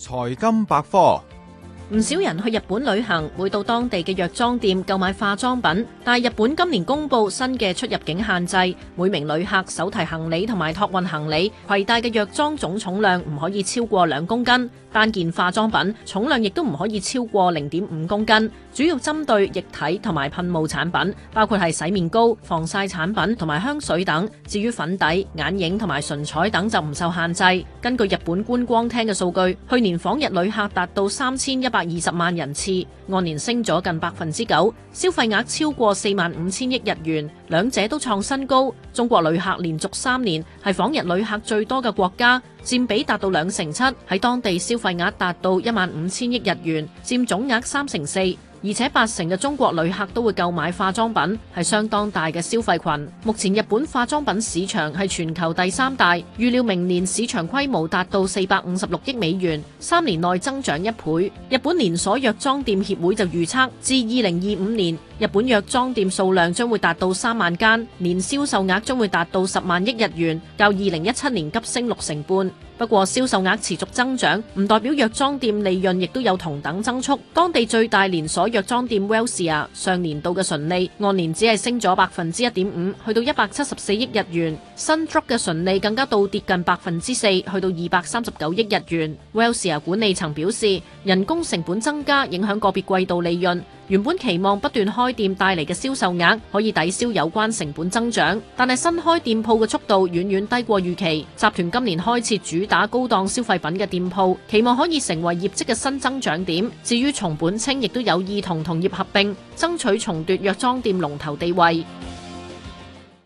財經百科。唔少人去日本旅行，會到當地嘅藥妝店購買化妝品。但係日本今年公布新嘅出入境限制，每名旅客手提行李同埋託運行李攜帶嘅藥妝總重量唔可以超過兩公斤，單件化妝品重量亦都唔可以超過零點五公斤。主要針對液體同埋噴霧產品，包括係洗面膏、防曬產品同埋香水等。至於粉底、眼影同埋唇彩等就唔受限制。根據日本觀光廳嘅數據，去年訪日旅客達到三千一百百二十萬人次，按年升咗近百分之九，消費額超過四萬五千億日元，兩者都創新高。中國旅客連續三年係訪日旅客最多嘅國家，佔比達到兩成七，喺當地消費額達到一萬五千億日元，佔總額三成四。而且八成嘅中國旅客都會購買化妝品，係相當大嘅消費群。目前日本化妝品市場係全球第三大，預料明年市場規模達到四百五十六億美元，三年內增長一倍。日本連鎖藥妝店協會就預測，至二零二五年，日本藥妝店數量將會達到三萬間，年銷售額將會達到十萬億日元，較二零一七年急升六成半。不過銷售額持續增長，唔代表藥妝店利潤亦都有同等增速。當地最大連鎖藥妝店 Welcia 上年度嘅純利按年只係升咗百分之一點五，去到一百七十四億日元。Sundrug 嘅純利更加倒跌近百分之四，去到二百三十九億日元。Welcia 管理層表示，人工成本增加影響個別季度利潤。原本期望不斷開店帶嚟嘅銷售額可以抵消有關成本增長，但係新開店鋪嘅速度遠遠低過預期。集團今年開設主打高檔消費品嘅店鋪，期望可以成為業績嘅新增長點。至於松本清，亦都有意同同業合併，爭取重奪藥妝店龍頭地位。